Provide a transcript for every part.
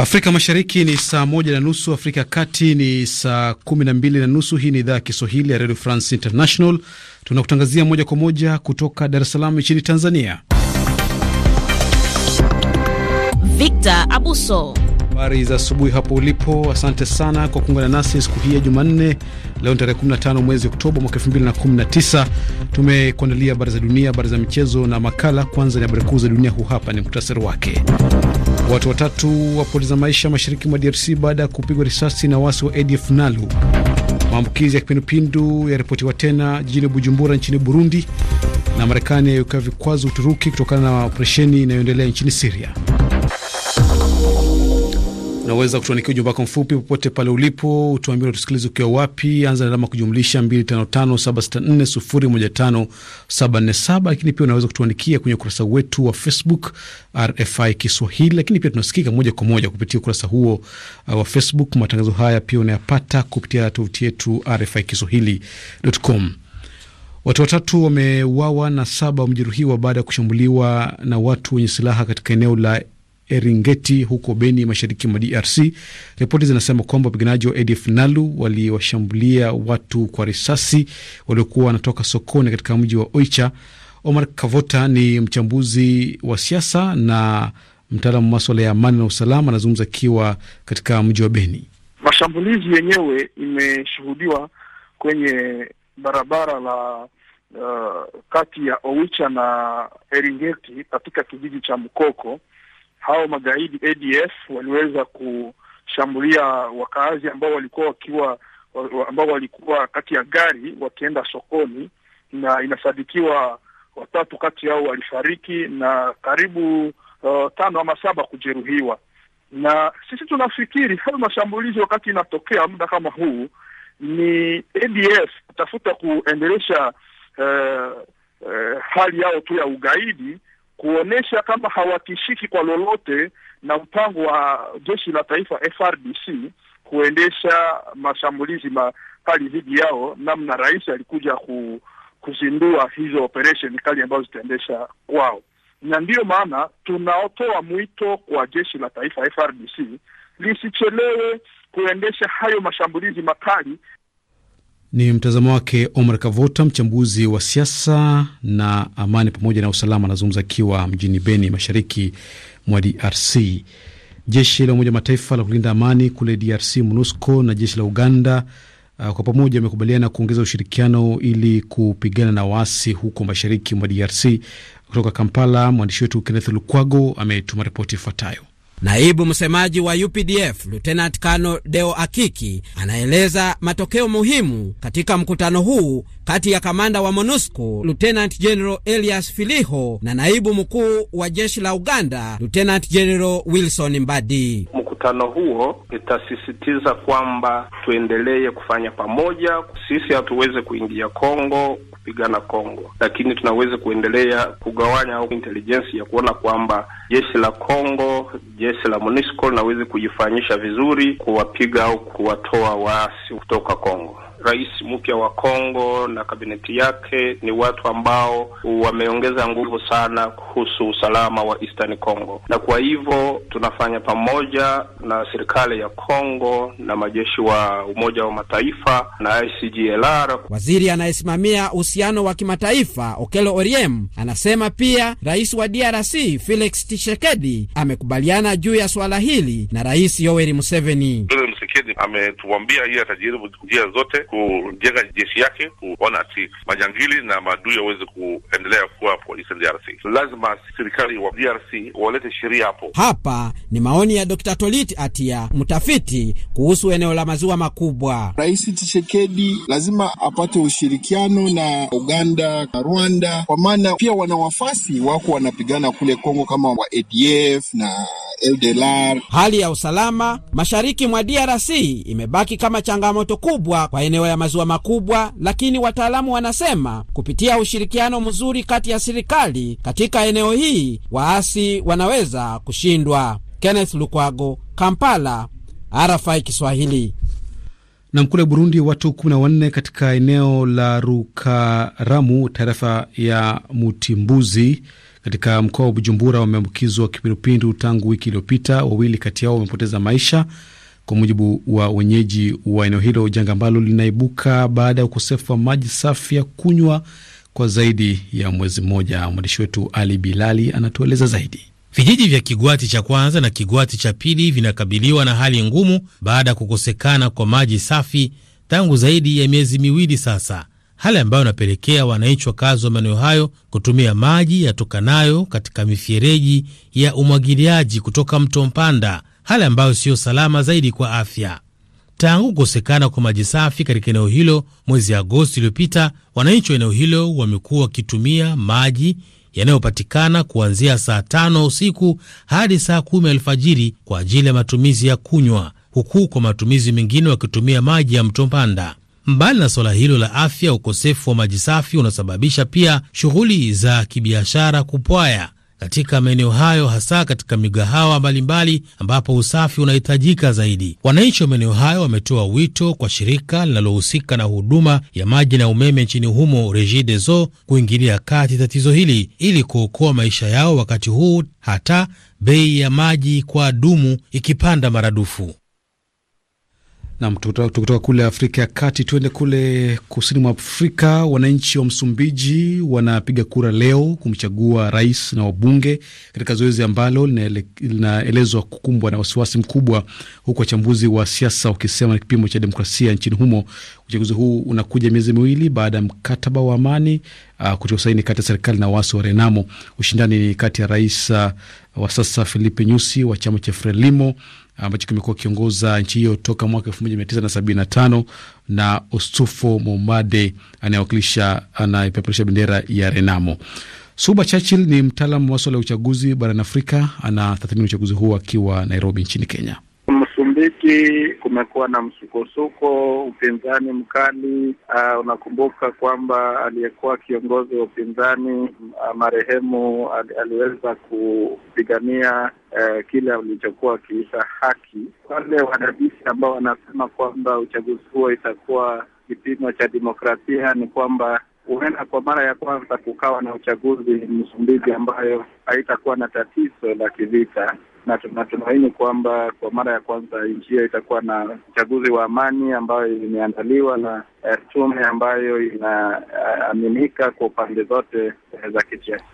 Afrika Mashariki ni saa moja na nusu, Afrika ya Kati ni saa kumi na mbili na nusu. Hii ni idhaa ya Kiswahili ya Radio France International, tunakutangazia moja kwa moja kutoka Dar es Salaam nchini Tanzania. Victor Abuso, habari za asubuhi hapo ulipo. Asante sana kwa kuungana nasi siku hii ya Jumanne. Leo ni tarehe 15 mwezi Oktoba mwaka 2019. Tumekuandalia habari za dunia, habari za michezo na makala. Kwanza ni habari kuu za dunia, huu hapa ni mktasari wake. Watu watatu wapoteza maisha mashariki mwa DRC baada ya kupigwa risasi na wasi wa ADF Nalu. Maambukizi ya kipindupindu yaripotiwa tena jijini Bujumbura nchini Burundi, na Marekani yaiwekea vikwazo Uturuki kutokana na operesheni inayoendelea nchini Siria. Unaweza kutuandikia ujumbe wako mfupi popote pale ulipo, utuambie unatusikiliza ukiwa wapi. Anza na alama kujumlisha 255764015747. Lakini pia unaweza kutuandikia kwenye ukurasa wetu wa Facebook RFI Kiswahili, lakini pia tunasikika moja kwa moja kupitia ukurasa huo uh, wa Facebook. Matangazo haya pia unayapata kupitia tovuti yetu RFI Kiswahili.com. Watu watatu wameuawa na saba wamejeruhiwa baada ya kushambuliwa na watu wenye silaha katika eneo la Eringeti huko Beni, mashariki mwa DRC. Ripoti zinasema kwamba wapiganaji wa ADF Nalu waliwashambulia watu kwa risasi waliokuwa wanatoka sokoni katika mji wa Oicha. Omar Kavota ni mchambuzi wa siasa na mtaalamu wa maswala ya amani na usalama, anazungumza akiwa katika mji wa Beni. Mashambulizi yenyewe imeshuhudiwa kwenye barabara la uh, kati ya Oicha na Eringeti katika kijiji cha Mkoko hao magaidi ADF waliweza kushambulia wakaazi ambao walikuwa wakiwa ambao walikuwa kati ya gari wakienda sokoni, na inasadikiwa watatu kati yao walifariki na karibu uh, tano ama saba kujeruhiwa. Na sisi tunafikiri hayo mashambulizi wakati inatokea muda kama huu ni ADF kutafuta kuendelesha uh, uh, hali yao tu ya ugaidi kuonesha kama hawatishiki kwa lolote na mpango wa jeshi la taifa FRDC kuendesha mashambulizi makali dhidi yao, namna rais alikuja ku, kuzindua hizo operation kali ambazo zitaendesha kwao, na ndiyo maana tunaotoa mwito kwa jeshi la taifa FRDC lisichelewe kuendesha hayo mashambulizi makali ni mtazamo wake Omar Kavota, mchambuzi wa siasa na amani pamoja na usalama, anazungumza akiwa mjini Beni, mashariki mwa DRC. Jeshi la Umoja Mataifa la kulinda amani kule DRC, MONUSCO, na jeshi la Uganda uh, kwa pamoja wamekubaliana kuongeza ushirikiano ili kupigana na waasi huko mashariki mwa DRC. Kutoka Kampala, mwandishi wetu Kenneth Lukwago ametuma ripoti ifuatayo. Naibu msemaji wa UPDF Lieutenant Kano Deo Akiki anaeleza matokeo muhimu katika mkutano huu kati ya kamanda wa MONUSCO Lieutenant General Elias Filiho na naibu mkuu wa jeshi la Uganda Lieutenant General Wilson Mbadi mkutano huo itasisitiza kwamba tuendelee kufanya pamoja. Sisi hatuweze kuingia Kongo kupigana Kongo, lakini tunaweza kuendelea kugawanya au intelijensi ya kuona kwamba jeshi la Kongo, jeshi la MONUSCO linaweza kujifanyisha vizuri kuwapiga au kuwatoa waasi kutoka Kongo rais mpya wa Kongo na kabineti yake ni watu ambao wameongeza nguvu sana kuhusu usalama wa Eastern Congo, na kwa hivyo tunafanya pamoja na serikali ya Kongo na majeshi wa Umoja wa Mataifa na ICGLR. Waziri anayesimamia uhusiano wa kimataifa Okelo Oriem anasema pia rais wa DRC Felix Tshisekedi amekubaliana juu ya swala hili na Rais Yoweri Museveni ametuambia yeye atajaribu njia zote kujenga jeshi yake kuona ati majangili na maadui aweze kuendelea kuwa hapo DRC. Lazima serikali wa DRC walete sheria hapo. Hapa ni maoni ya Dr. Tolit Atia, mtafiti kuhusu eneo la maziwa makubwa. Rais Tshisekedi lazima apate ushirikiano na Uganda na Rwanda, kwa maana pia wana wafasi wako wanapigana kule Kongo kama wa ADF na LDLR. Hali ya usalama mashariki mwa DRC hii imebaki kama changamoto kubwa kwa eneo ya maziwa makubwa, lakini wataalamu wanasema kupitia ushirikiano mzuri kati ya serikali katika eneo hii waasi wanaweza kushindwa. Kenneth Lukwago, Kampala, RFI Kiswahili. Na mkule Burundi, watu kumi na wanne katika eneo la Rukaramu, tarafa ya Mutimbuzi katika mkoa wa Bujumbura wameambukizwa kipindupindu tangu wiki iliyopita. Wawili kati yao wamepoteza maisha kwa mujibu wa wenyeji wa eneo hilo, janga ambalo linaibuka baada ya ukosefu wa maji safi ya kunywa kwa zaidi ya mwezi mmoja. Mwandishi wetu Ali Bilali anatueleza zaidi. Vijiji vya Kigwati cha kwanza na Kigwati cha pili vinakabiliwa na hali ngumu baada ya kukosekana kwa maji safi tangu zaidi ya miezi miwili sasa, hali ambayo inapelekea wananchi wakazi wa maeneo hayo kutumia maji yatokanayo katika mifereji ya umwagiliaji kutoka mto Mpanda hali ambayo siyo salama zaidi kwa afya. Tangu kukosekana kwa maji safi katika eneo hilo mwezi Agosti uliopita, wananchi wa eneo hilo wamekuwa wakitumia maji yanayopatikana kuanzia saa tano usiku hadi saa kumi alfajiri kwa ajili ya matumizi ya kunywa, huku kwa matumizi mengine wakitumia maji ya mto Mpanda. Mbali na suala hilo la afya, ukosefu wa maji safi unasababisha pia shughuli za kibiashara kupwaya katika maeneo hayo, hasa katika migahawa mbalimbali ambapo usafi unahitajika zaidi. Wananchi wa maeneo hayo wametoa wito kwa shirika linalohusika na huduma ya maji na umeme nchini humo REGIDESO kuingilia kati tatizo hili ili kuokoa maisha yao wakati huu hata bei ya maji kwa dumu ikipanda maradufu. Nam, tukitoka kule Afrika ya Kati tuende kule kusini mwa Afrika. Wananchi wa Msumbiji wanapiga kura leo kumchagua rais na wabunge katika zoezi ambalo linaelezwa kukumbwa na wasiwasi mkubwa, huku wachambuzi wa siasa wakisema ni kipimo cha demokrasia nchini humo. Uchaguzi huu unakuja miezi miwili baada ya mkataba wa amani uh, ah, kutia saini kati ya serikali na waasi wa Renamo. Ushindani ni kati ya rais uh, wa sasa Filipe Nyusi wa chama cha Frelimo ambacho kimekuwa kiongoza nchi hiyo toka mwaka tisa na Ostufo Momade anayewakilisha anayepeperusha bendera ya Renamo. Suba Churchill ni mtaalamu wa maswala ya uchaguzi barani Afrika, anatathmini uchaguzi huu akiwa Nairobi nchini Kenya. Mashariki kumekuwa na msukosuko, upinzani mkali. Uh, unakumbuka kwamba aliyekuwa kiongozi wa upinzani uh, marehemu aliweza kupigania uh, kile alichokuwa akiita haki. Wale wadadisi ambao wanasema kwamba uchaguzi huo itakuwa kipimo cha demokrasia ni kwamba huenda kwa mara ya kwanza kukawa na uchaguzi Msumbiji ambayo haitakuwa na tatizo la kivita na tunatumaini kwamba kwa mara ya kwanza nchi hiyo itakuwa na uchaguzi wa amani ambayo imeandaliwa na eh, tume ambayo inaaminika kwa upande zote eh, za kisiasa.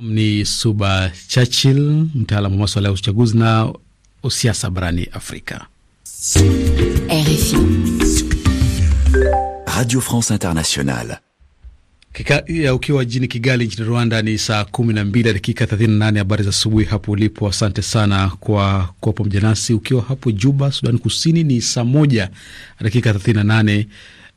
Ni Suba Churchill, mtaalamu wa maswala ya uchaguzi na usiasa barani Afrika. RFI Radio France Internationale. Kika, ya ukiwa jijini Kigali nchini Rwanda ni saa kumi na mbili dakika thelathini na nane. Habari za asubuhi hapo ulipo, asante sana kwa kuwa pamoja nasi. Ukiwa hapo Juba, Sudani Kusini ni saa moja dakika thelathini na nane.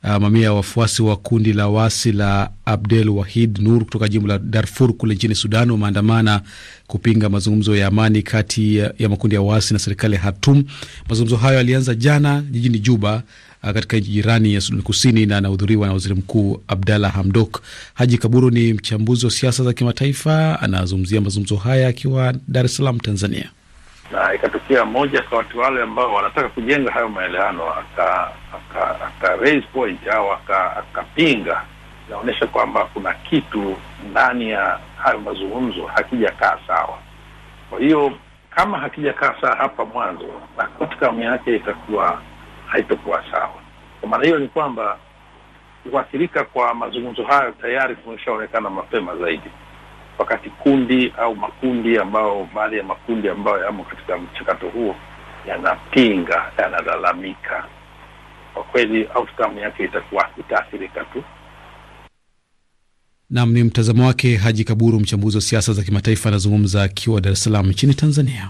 Uh, mamia ya wafuasi wa kundi la wasi la Abdel Wahid Nur kutoka jimbo la Darfur kule nchini Sudan wameandamana kupinga mazungumzo ya amani kati ya makundi ya waasi na serikali ya hatum Mazungumzo hayo yalianza jana jijini Juba, uh, katika nchi jirani ya Sudan Kusini na anahudhuriwa na waziri mkuu Abdalla Hamdok. Haji Kaburu ni mchambuzi wa siasa za kimataifa, anazungumzia mazungumzo haya akiwa Dar es Salaam, Tanzania na ikatokea mmoja kwa watu wale ambao wanataka kujenga hayo maelewano aka, aka, aka raise point au akapinga inaonyesha kwamba kuna kitu ndani ya hayo mazungumzo hakijakaa sawa. Kwa hiyo kama hakijakaa sawa hapa mwanzo, outcome yake itakuwa haitokuwa sawa. Kwa maana hiyo ni kwamba kuathirika kwa mazungumzo hayo tayari kumeshaonekana mapema zaidi wakati kundi au makundi ambao baadhi ya makundi ambayo yamo katika mchakato huo yanapinga, yanalalamika, kwa kweli outcome yake itakuwa itaathirika tu. Nam ni mtazamo wake Haji Kaburu, mchambuzi wa siasa za kimataifa, anazungumza akiwa Dar es Salaam nchini Tanzania.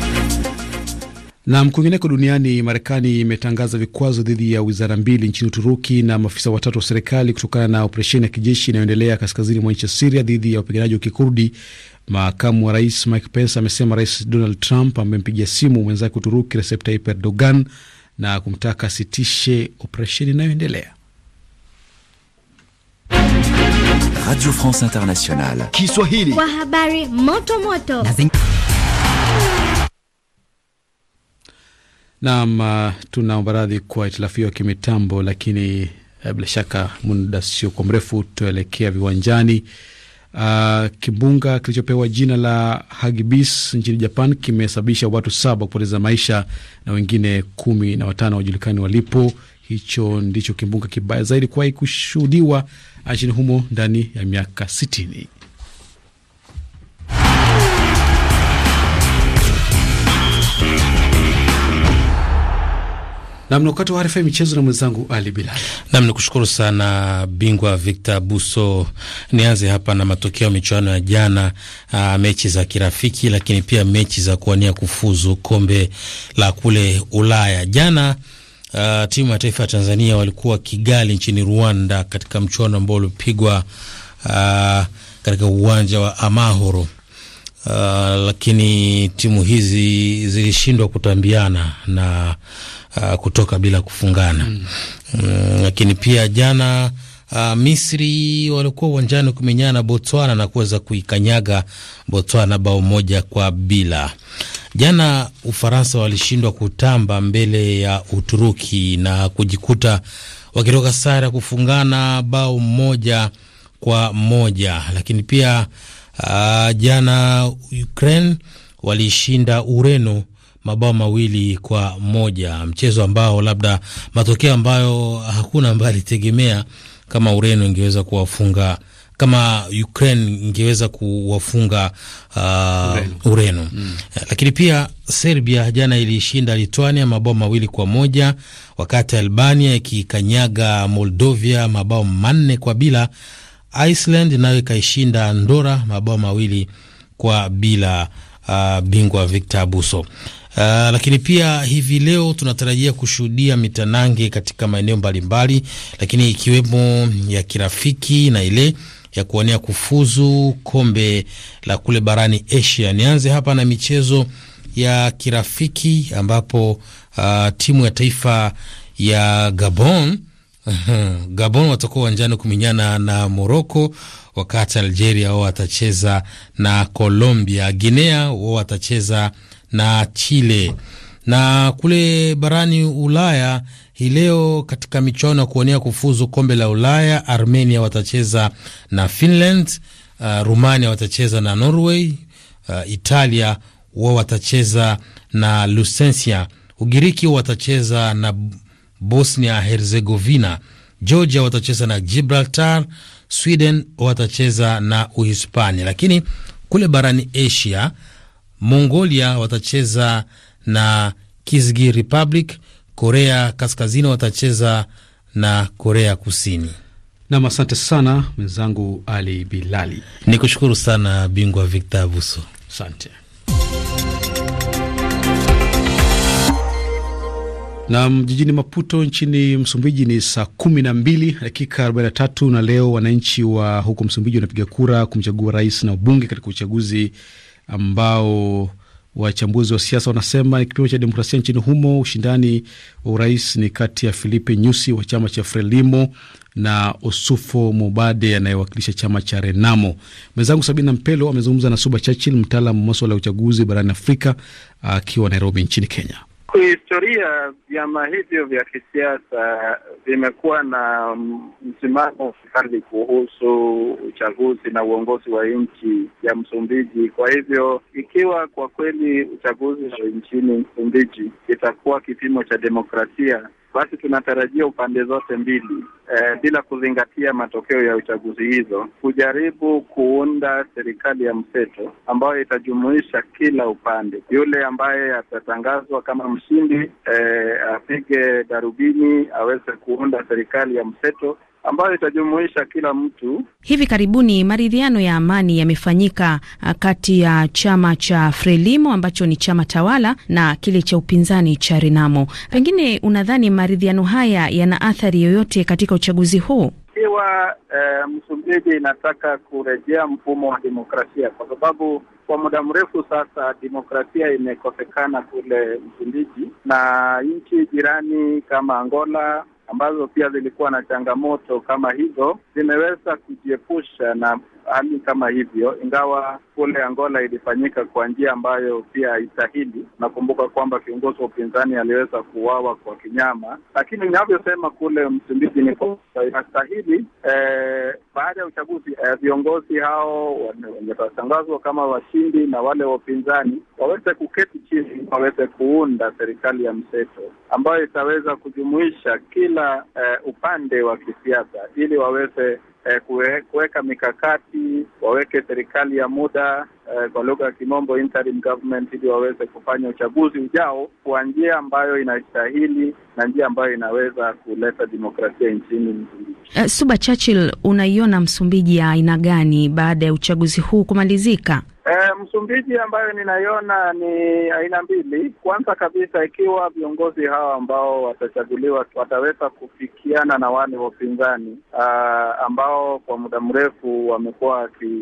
Na kwingineko duniani, Marekani imetangaza vikwazo dhidi ya wizara mbili nchini Uturuki na maafisa watatu wa serikali kutokana na operesheni ya kijeshi inayoendelea kaskazini mwa nchi ya Siria dhidi ya wapiganaji wa Kikurdi. Makamu wa rais Mike Pence amesema Rais Donald Trump amempigia simu mwenzake Uturuki Recep Tayyip Erdogan na kumtaka asitishe operesheni inayoendelea. Radio France Internationale Kiswahili kwa habari moto moto Naam, uh, tunaomba radhi kwa itilafu hiyo ya kimitambo, lakini uh, bila shaka muda sio kwa mrefu tuelekea viwanjani. Uh, kimbunga kilichopewa jina la Hagibis nchini Japan kimesababisha watu saba kupoteza maisha na wengine kumi na watano wajulikani walipo. Hicho ndicho kimbunga kibaya zaidi kuwahi kushuhudiwa uh, nchini humo ndani ya miaka sitini. Nam wakati wa RFI michezo na mwenzangu Ali Bilal. Nam ni kushukuru sana bingwa Victor Buso. Nianze hapa na matokeo ya michuano ya jana, aa, ah, mechi za kirafiki lakini pia mechi za kuwania kufuzu kombe la kule Ulaya. Jana aa, ah, timu ya taifa ya Tanzania walikuwa Kigali nchini Rwanda katika mchuano ambao ulipigwa ah, katika uwanja wa Amahoro. Uh, lakini timu hizi zilishindwa kutambiana na uh, kutoka bila kufungana mm. Mm, lakini pia jana uh, Misri walikuwa uwanjani kumenyana na Botswana na kuweza kuikanyaga Botswana bao moja kwa bila. Jana Ufaransa walishindwa kutamba mbele ya Uturuki na kujikuta wakitoka sare ya kufungana bao moja kwa moja, lakini pia Uh, jana Ukraine walishinda Ureno mabao mawili kwa moja, mchezo ambao labda matokeo ambayo hakuna ambaye alitegemea kama Ureno ingeweza kuwafunga kama Ukraine ingeweza kuwafunga uh, Ureno mm. Eh, lakini pia Serbia jana ilishinda Lithuania mabao mawili kwa moja wakati Albania ikikanyaga Moldovia mabao manne kwa bila Iceland nayo ikaishinda Andora mabao mawili kwa bila. Uh, bingwa Victor Abuso. Uh, lakini pia hivi leo tunatarajia kushuhudia mitanange katika maeneo mbalimbali, lakini ikiwemo ya kirafiki na ile ya kuonea kufuzu kombe la kule barani Asia. Nianze hapa na michezo ya kirafiki ambapo uh, timu ya taifa ya Gabon Gabon watakuwa uwanjani kumenyana na Moroko, wakati Algeria wao watacheza na Colombia. Guinea wao watacheza na Chile. Na kule barani Ulaya hii leo katika michuano ya kuonea kufuzu kombe la Ulaya, Armenia watacheza na Finland. Uh, Rumania watacheza na Norway. Uh, Italia wao watacheza na Lusensia. Ugiriki watacheza na Bosnia Herzegovina. Georgia watacheza na Gibraltar, Sweden watacheza na Uhispania. Lakini kule barani Asia, Mongolia watacheza na Kizgi Republic, Korea Kaskazini watacheza na Korea Kusini. Nam, asante sana mwenzangu Ali Bilali. Ni kushukuru sana bingwa Victor Abuso, asante. Nam jijini Maputo nchini Msumbiji ni saa kumi na mbili dakika arobaini na tatu na leo wananchi wa huko Msumbiji wanapiga kura kumchagua rais na ubunge katika uchaguzi ambao wachambuzi wa siasa wanasema ni kipimo cha demokrasia nchini humo. Ushindani wa urais ni kati ya Filipe Nyusi wa chama cha Frelimo na Osufo Mubade anayewakilisha chama cha Renamo. Mwenzangu Sabina Mpelo amezungumza na Suba Churchill, mtaalam wa maswala ya uchaguzi barani Afrika, akiwa Nairobi nchini Kenya. Kihistoria vyama hivyo vya kisiasa vimekuwa na msimamo mkali kuhusu uchaguzi na uongozi wa nchi ya Msumbiji. Kwa hivyo, ikiwa kwa kweli uchaguzi nchini Msumbiji itakuwa kipimo cha demokrasia, basi tunatarajia upande zote mbili e, bila kuzingatia matokeo ya uchaguzi hizo, kujaribu kuunda serikali ya mseto ambayo itajumuisha kila upande. Yule ambaye atatangazwa kama mshindi e, apige darubini aweze kuunda serikali ya mseto ambayo itajumuisha kila mtu. Hivi karibuni maridhiano ya amani yamefanyika uh, kati ya chama cha Frelimo ambacho ni chama tawala na kile cha upinzani cha Renamo. Pengine unadhani maridhiano haya yana athari yoyote katika uchaguzi huu? Ikiwa eh, Msumbiji inataka kurejea mfumo wa demokrasia, kwa sababu kwa muda mrefu sasa demokrasia imekosekana kule Msumbiji na nchi jirani kama Angola ambazo pia zilikuwa na changamoto kama hizo zimeweza kujiepusha na hali kama hivyo, ingawa kule Angola ilifanyika kwa njia ambayo pia haistahili. Nakumbuka kwamba kiongozi wa upinzani aliweza kuuawa kwa kinyama, lakini inavyosema kule Msumbiji ni kwamba inastahili eh, baada ya uchaguzi eh, viongozi hao wametangazwa kama washindi na wale wa upinzani waweze kuketi chini, waweze kuunda serikali ya mseto ambayo itaweza kujumuisha kila eh, upande wa kisiasa ili waweze eh, kuweka mikakati, waweke serikali ya muda eh, kwa lugha ya kimombo interim government, ili waweze kufanya uchaguzi ujao kwa njia ambayo inastahili na njia ambayo inaweza kuleta demokrasia nchini Msumbiji. Uh, eh, Suba Churchill, unaiona Msumbiji ya aina gani baada ya uchaguzi huu kumalizika? E, Msumbiji ambayo ninaiona ni aina mbili. Kwanza kabisa, ikiwa viongozi hawa ambao watachaguliwa wataweza kufikiana na wale wapinzani ah, ambao kwa muda mrefu wamekuwa waki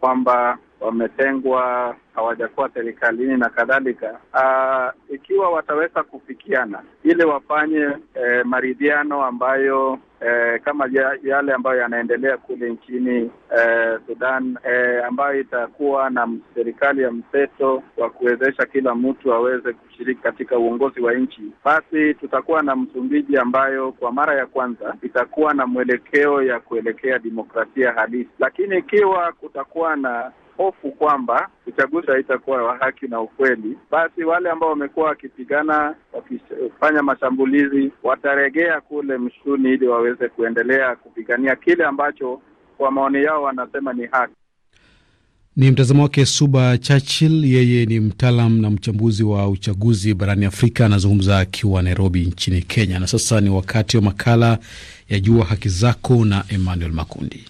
kwamba wametengwa, hawajakuwa serikalini na kadhalika. Uh, ikiwa wataweza kufikiana ili wafanye eh, maridhiano ambayo eh, kama yale ambayo yanaendelea kule nchini eh, Sudan eh, ambayo itakuwa na serikali ya mseto wa kuwezesha kila mtu aweze kushiriki katika uongozi wa nchi, basi tutakuwa na Msumbiji ambayo kwa mara ya kwanza itakuwa na mwelekeo ya kuelekea demokrasia halisi, lakini ikiwa kutakuwa na hofu kwamba uchaguzi haitakuwa wa haki na ukweli, basi wale ambao wamekuwa wakipigana wakifanya mashambulizi wataregea kule msituni ili waweze kuendelea kupigania kile ambacho kwa maoni yao wanasema ni haki. Ni mtazamo wake Suba Churchill, yeye ni mtaalam na mchambuzi wa uchaguzi barani Afrika, anazungumza akiwa Nairobi nchini Kenya. Na sasa ni wakati wa makala ya Jua Haki Zako na Emmanuel Makundi.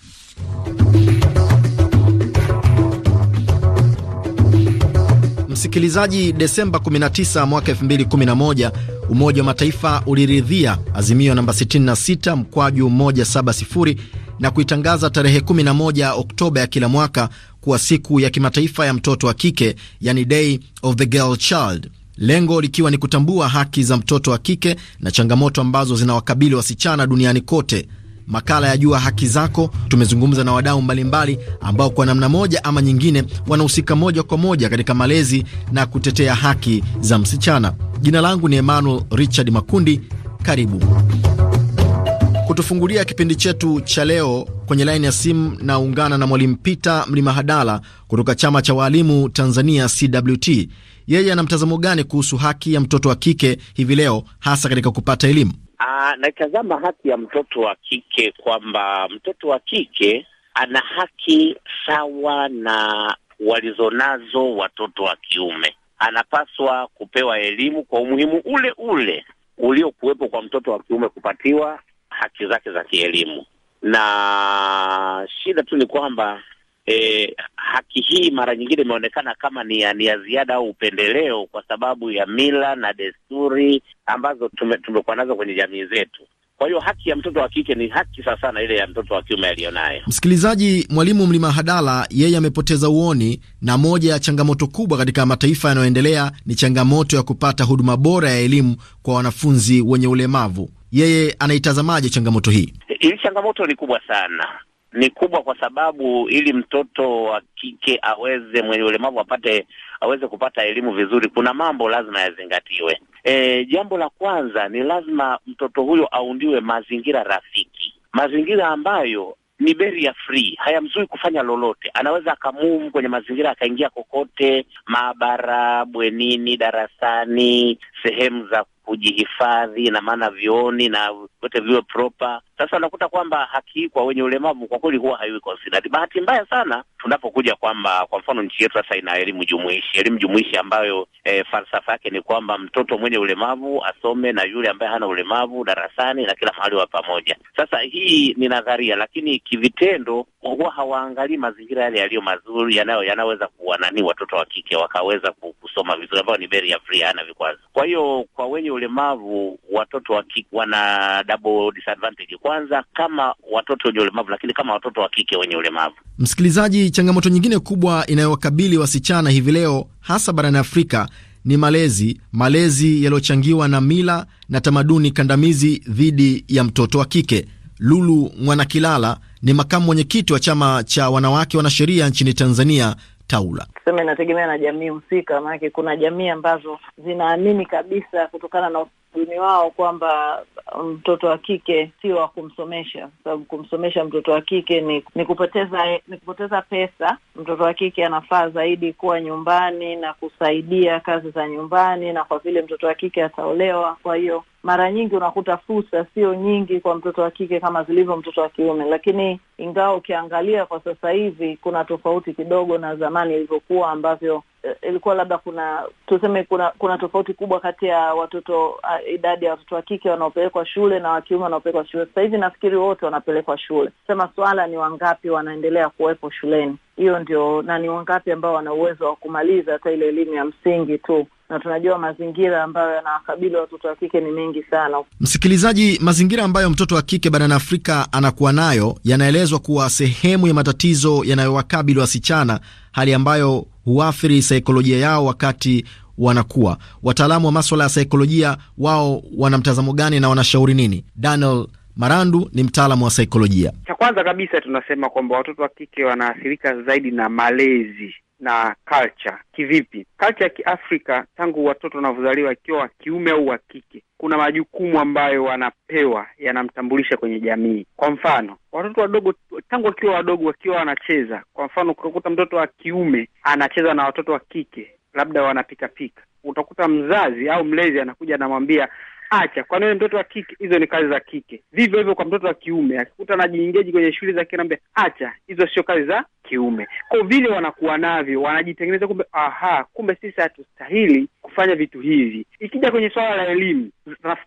msikilizaji, Desemba 19 mwaka 2011 Umoja wa Mataifa uliridhia azimio namba 66 mkwaju 170 na kuitangaza tarehe 11 Oktoba ya kila mwaka kuwa siku ya kimataifa ya mtoto wa kike, yani Day of the Girl Child, lengo likiwa ni kutambua haki za mtoto wa kike na changamoto ambazo zinawakabili wasichana duniani kote makala ya Jua Haki Zako, tumezungumza na wadau mbalimbali ambao kwa namna moja ama nyingine wanahusika moja kwa moja katika malezi na kutetea haki za msichana. Jina langu ni Emmanuel Richard Makundi. Karibu kutufungulia kipindi chetu cha leo. Kwenye laini ya simu naungana na Mwalimu Pita Mlima Hadala kutoka Chama cha Waalimu Tanzania, CWT. Yeye ana mtazamo gani kuhusu haki ya mtoto wa kike hivi leo, hasa katika kupata elimu? Ah, naitazama haki ya mtoto wa kike kwamba mtoto wa kike ana haki sawa na walizonazo watoto wa kiume. Anapaswa kupewa elimu kwa umuhimu ule ule uliokuwepo kwa mtoto wa kiume kupatiwa haki zake za kielimu, na shida tu ni kwamba eh, haki hii mara nyingine imeonekana kama ni ya, ni ya ziada au upendeleo kwa sababu ya mila na desturi ambazo tumekuwa nazo kwenye jamii zetu. Kwa hiyo haki ya mtoto wa kike ni haki sawa sana ile ya mtoto wa kiume aliyonayo. Msikilizaji, Mwalimu Mlima Hadala yeye amepoteza uoni, na moja ya changamoto kubwa katika mataifa yanayoendelea ni changamoto ya kupata huduma bora ya elimu kwa wanafunzi wenye ulemavu. Yeye anaitazamaje changamoto hii? Hii changamoto ni kubwa sana ni kubwa kwa sababu ili mtoto wa kike aweze mwenye ulemavu apate aweze kupata elimu vizuri, kuna mambo lazima yazingatiwe. E, jambo la kwanza ni lazima mtoto huyo aundiwe mazingira rafiki, mazingira ambayo ni ya free, hayamzui kufanya lolote. Anaweza akamove kwenye mazingira akaingia kokote, maabara, bwenini, darasani, sehemu za kujihifadhi na maana vioni na vyote viwe proper. Sasa unakuta kwamba haki kwa wenye ulemavu kwa kweli huwa haiwi considered. Bahati mbaya sana tunapokuja kwamba kwa mfano nchi yetu sasa ina elimu jumuishi, elimu jumuishi ambayo e, falsafa yake ni kwamba mtoto mwenye ulemavu asome na yule ambaye hana ulemavu darasani na kila mahali wa pamoja. Sasa hii ni nadharia, lakini kivitendo huwa hawaangalii mazingira yale yaliyo mazuri yanayoweza kuwa nanii watoto wa kike wakaweza kusoma vizuri, ambayo ni beri ya free, hana vikwazo. Kwa hiyo kwa wenye ulemavu watoto wa kike wana double disadvantage, kwanza kama watoto wenye ulemavu, lakini kama watoto wa kike wenye ulemavu. Msikilizaji, changamoto nyingine kubwa inayowakabili wasichana hivi leo hasa barani Afrika ni malezi, malezi yaliyochangiwa na mila na tamaduni kandamizi dhidi ya mtoto wa kike. Lulu Mwanakilala ni makamu mwenyekiti wa chama cha wanawake wanasheria nchini Tanzania, Taula. Tuseme inategemea na jamii husika, maanake kuna jamii ambazo zinaamini kabisa kutokana na utamaduni wao kwamba mtoto wa kike sio wa kumsomesha, sababu kumsomesha mtoto wa kike ni, ni kupoteza ni kupoteza pesa. Mtoto wa kike anafaa zaidi kuwa nyumbani na kusaidia kazi za nyumbani, na kwa vile mtoto wa kike ataolewa, kwa hiyo mara nyingi unakuta fursa sio nyingi kwa mtoto wa kike kama zilivyo mtoto wa kiume. Lakini ingawa ukiangalia kwa sasa hivi kuna tofauti kidogo na zamani ilivyokuwa, ambavyo Eh, ilikuwa labda kuna tuseme, kuna kuna tofauti kubwa kati ya watoto ah, idadi ya watoto wa kike wanaopelekwa shule na wakiume wanaopelekwa shule. Sasa hivi nafikiri wote wanapelekwa shule, sema swala ni wangapi wanaendelea kuwepo shuleni, hiyo ndio, na ni wangapi ambao wana uwezo wa kumaliza hata ile elimu ya msingi tu na tunajua mazingira ambayo yanawakabili watoto wa kike ni mengi sana. Msikilizaji, mazingira ambayo mtoto wa kike barani Afrika anakuwa nayo yanaelezwa kuwa sehemu ya matatizo yanayowakabili wasichana hali ambayo huathiri saikolojia yao wakati wanakuwa. Wataalamu wa maswala ya saikolojia wao wana mtazamo gani na wanashauri nini? Daniel Marandu ni mtaalamu wa saikolojia. Cha kwanza kabisa tunasema kwamba watoto wa kike wanaathirika zaidi na malezi na culture. Kivipi? Culture ya Kiafrika tangu watoto wanavyozaliwa, wakiwa wa kiume au wa kike, kuna majukumu ambayo wanapewa yanamtambulisha kwenye jamii. Kwa mfano, watoto wadogo tangu wakiwa wadogo, wakiwa wanacheza, kwa mfano, kutakuta mtoto wa kiume anacheza na watoto wa kike, labda wanapikapika, utakuta mzazi au mlezi anakuja anamwambia acha, kwa nini? Mtoto wa kike, hizo ni kazi za kike. Vivyo hivyo kwa mtoto wa kiume, akikuta anajiingeji kwenye shughuli za kike, acha, hizo sio kazi za kiume. Kwa vile wanakuwa navyo, wanajitengeneza, kumbe aha, kumbe sisi hatustahili kufanya vitu hivi. Ikija kwenye swala la elimu,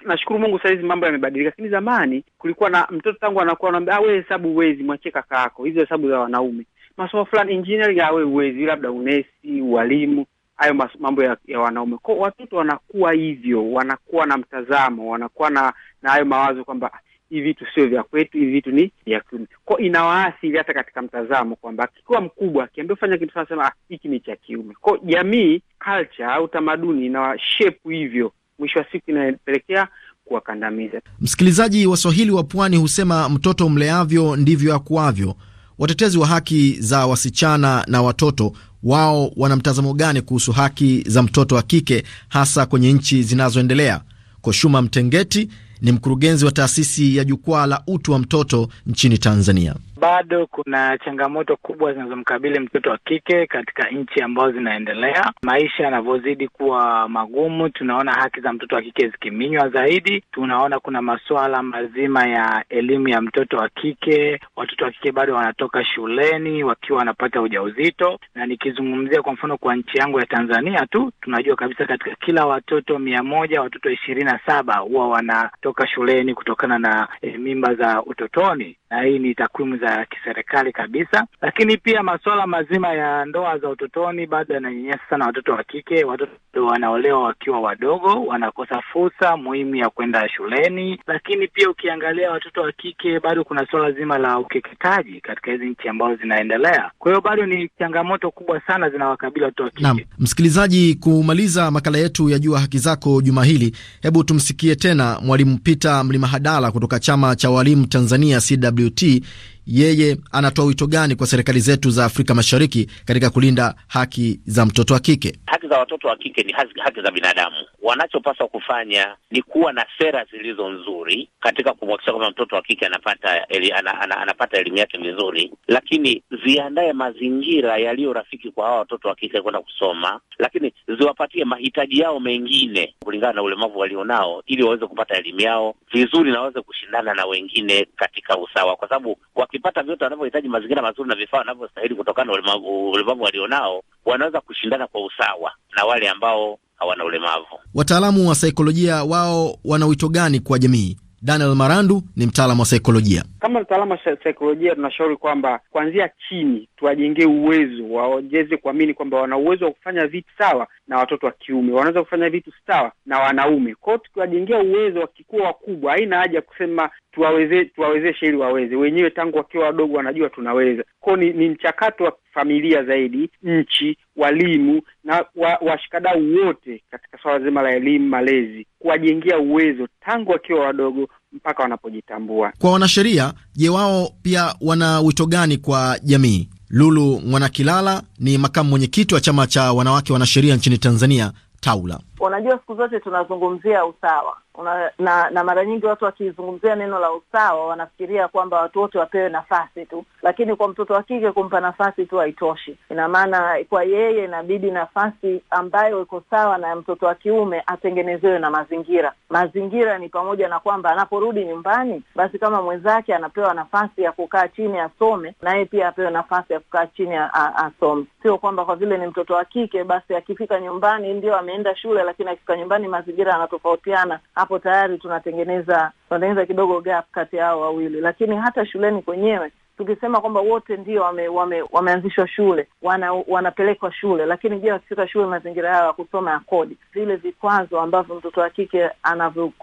nashukuru na Mungu saa hizi mambo yamebadilika, lakini zamani kulikuwa na mtoto tangu anakuwa anaambia, ah, wewe hesabu wezi, mwachie kaka yako, hizo hesabu za wanaume, masomo fulani engineering, ah, wewe uwezi, labda unesi, ualimu hayo mambo ya, ya wanaume. ko watoto wanakuwa hivyo, wanakuwa na mtazamo, wanakuwa na na hayo mawazo kwamba ah, hivi vitu sio vya kwetu, hivi vitu ni vya kiume. Kwa inawaathiri hata katika mtazamo kwamba kikiwa mkubwa akiambia fanya kitu anasema ah, hiki ni cha kiume. ko jamii, culture au tamaduni inawashepu hivyo, mwisho wa siku inapelekea kuwakandamiza. Msikilizaji wa Swahili wa Pwani husema mtoto mleavyo ndivyo akuavyo watetezi wa haki za wasichana na watoto wao wana mtazamo gani kuhusu haki za mtoto wa kike hasa kwenye nchi zinazoendelea? Koshuma Mtengeti ni mkurugenzi wa taasisi ya Jukwaa la Utu wa Mtoto nchini Tanzania bado kuna changamoto kubwa zinazomkabili mtoto wa kike katika nchi ambazo zinaendelea. Maisha yanavyozidi kuwa magumu, tunaona haki za mtoto wa kike zikiminywa zaidi. Tunaona kuna masuala mazima ya elimu ya mtoto wa kike. Watoto wa kike bado wanatoka shuleni wakiwa wanapata ujauzito, na nikizungumzia kwa mfano kwa nchi yangu ya Tanzania tu, tunajua kabisa katika kila watoto mia moja watoto ishirini na saba huwa wanatoka shuleni kutokana na eh, mimba za utotoni na hii ni takwimu za kiserikali kabisa. Lakini pia masuala mazima ya ndoa za utotoni bado yananyanyasa sana watoto wa kike. Watoto wanaolewa wakiwa wadogo, wanakosa fursa muhimu ya kwenda shuleni. Lakini pia ukiangalia watoto wa kike, bado kuna suala zima la ukeketaji katika hizi nchi ambazo zinaendelea. Kwa hiyo bado ni changamoto kubwa sana zinawakabili watoto wa kike. Naam, msikilizaji, kumaliza makala yetu ya Jua Haki Zako juma hili, hebu tumsikie tena Mwalimu Peter Mlimahadala kutoka Chama cha Walimu Tanzania CW SWT yeye anatoa wito gani kwa serikali zetu za Afrika Mashariki katika kulinda haki za mtoto wa kike? Haki za watoto wa kike ni haki, haki za binadamu. Wanachopaswa kufanya ni kuwa na sera zilizo nzuri katika kumhakikisha kwamba mtoto wa kike anapata eli, ana, ana, anapata elimu yake vizuri, lakini ziandaye mazingira yaliyo rafiki kwa hawa watoto wa kike kwenda kusoma, lakini ziwapatie mahitaji yao mengine kulingana na ulemavu walionao, ili waweze kupata elimu yao vizuri na waweze kushindana na wengine katika usawa, kwa sababu wakipata vyote wanavyohitaji, mazingira mazuri na vifaa wanavyostahili, kutokana na ulemavu walionao, wanaweza kushindana kwa usawa na wale ambao hawana ulemavu. Wataalamu wa saikolojia wao wana wito gani kwa jamii? Daniel Marandu ni mtaalamu wa saikolojia. Kama mtaalamu wa saikolojia, tunashauri kwamba kuanzia chini tuwajengee uwezo, waongeze kuamini kwamba wana uwezo wa kufanya vitu sawa na watoto wa kiume, wanaweza kufanya vitu sawa na wanaume. Kwa hiyo tukiwajengea uwezo, wakikuwa wakubwa, haina haja ya kusema tuwaweze tuwawezeshe ili waweze wenyewe, tangu wakiwa wadogo wanajua tunaweza. Kwao ni, ni mchakato wa familia zaidi, nchi, walimu na washikadau wote katika swala zima la elimu, malezi, kuwajengea uwezo tangu wakiwa wadogo mpaka wanapojitambua. Kwa wanasheria, je, wao pia wana wito gani kwa jamii? Lulu Mwanakilala ni makamu mwenyekiti wa chama cha wanawake wanasheria nchini Tanzania, taula unajua siku zote tunazungumzia usawa una, na na mara nyingi watu wakizungumzia neno la usawa wanafikiria kwamba watu wote wapewe nafasi tu, lakini kwa mtoto wa kike kumpa nafasi tu haitoshi. Ina maana kwa yeye inabidi nafasi ambayo iko sawa na mtoto wa kiume atengenezewe na mazingira. Mazingira ni pamoja na kwamba anaporudi nyumbani, basi kama mwenzake anapewa nafasi ya kukaa chini asome, na pia apewe nafasi ya kukaa chini asome, sio kwamba kwa vile ni mtoto wa kike basi akifika nyumbani ndio ameenda shule lakini akifika nyumbani mazingira yanatofautiana, hapo tayari tunatengeneza tunatengeneza kidogo gap kati yao wawili. Lakini hata shuleni kwenyewe tukisema kwamba wote ndio wame, wame, wameanzishwa shule wana, wanapelekwa shule, lakini je, wakifika shule mazingira yao ya kusoma ya kodi, vile vikwazo ambavyo mtoto wa kike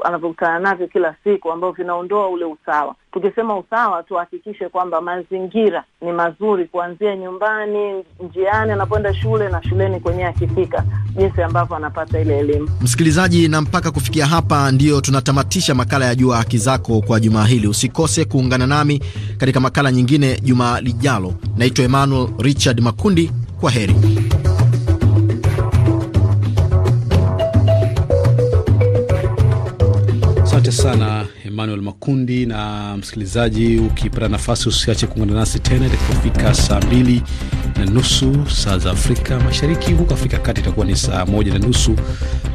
anavyokutana navyo kila siku ambavyo vinaondoa ule usawa. Tukisema usawa, tuhakikishe kwamba mazingira ni mazuri kuanzia nyumbani, njiani anapoenda shule na shuleni kwenyewe akifika, jinsi ambavyo anapata ile elimu. Msikilizaji, na mpaka kufikia hapa ndiyo tunatamatisha makala ya Jua Haki Zako kwa jumaa hili. Usikose kuungana nami katika makala nyingi nyingine juma lijalo. Naitwa Emmanuel Richard Makundi, kwa heri. Asante sana Emmanuel Makundi. Na msikilizaji, ukipata nafasi usiache kuungana nasi tena itakapofika saa mbili na nusu saa za Afrika Mashariki, huku Afrika ya Kati itakuwa ni saa moja na nusu.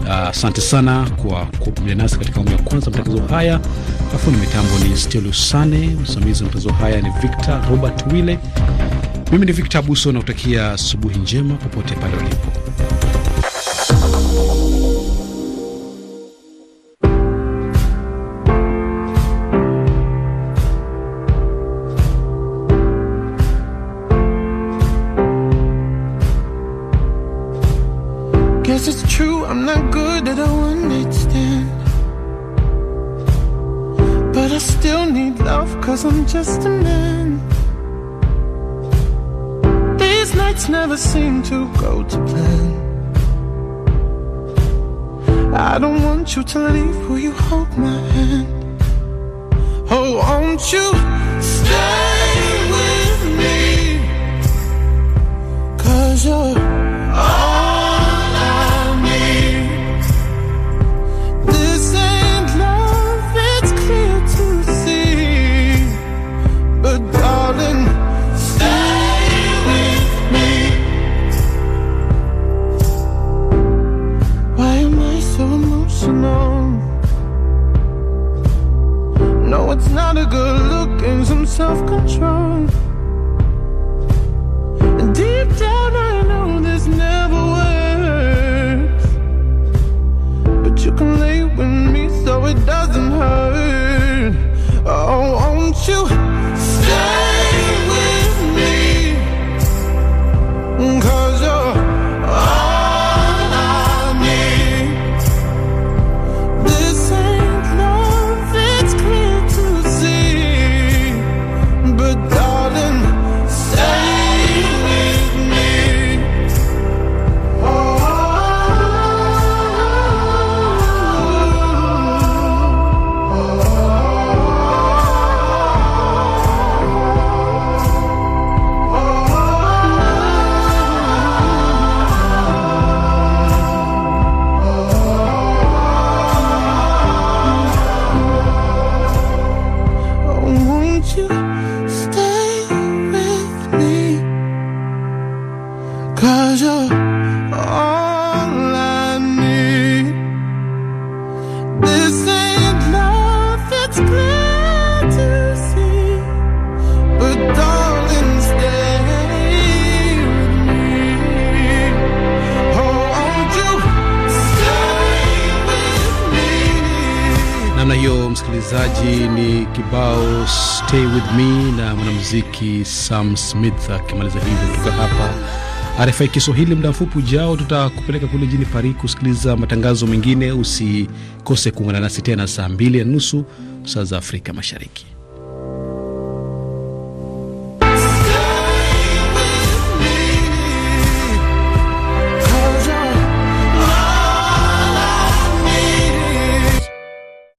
Ah, asante uh, sana kwa kuungana nasi katika awamu ya kwanza matangazo haya. Afuni mitambo ni Stelusane, msimamizi wa matangazo haya ni Victor Robert Wille. Mimi ni Victor Abuso, nakutakia asubuhi njema popote pale ulipo. it's true, I'm not good at night stand, But I still need love cause I'm just a man These nights never seem to go to plan I don't want you to leave, will you hold my hand? Oh, won't you stay with me? Cause you're lot of good look and some self control. Sam Smith akimaliza hivyo kutoka hapa RFI Kiswahili. Muda mfupi ujao, tutakupeleka kule jini Paris kusikiliza matangazo mengine. Usikose kuungana nasi tena saa mbili na nusu saa za Afrika Mashariki.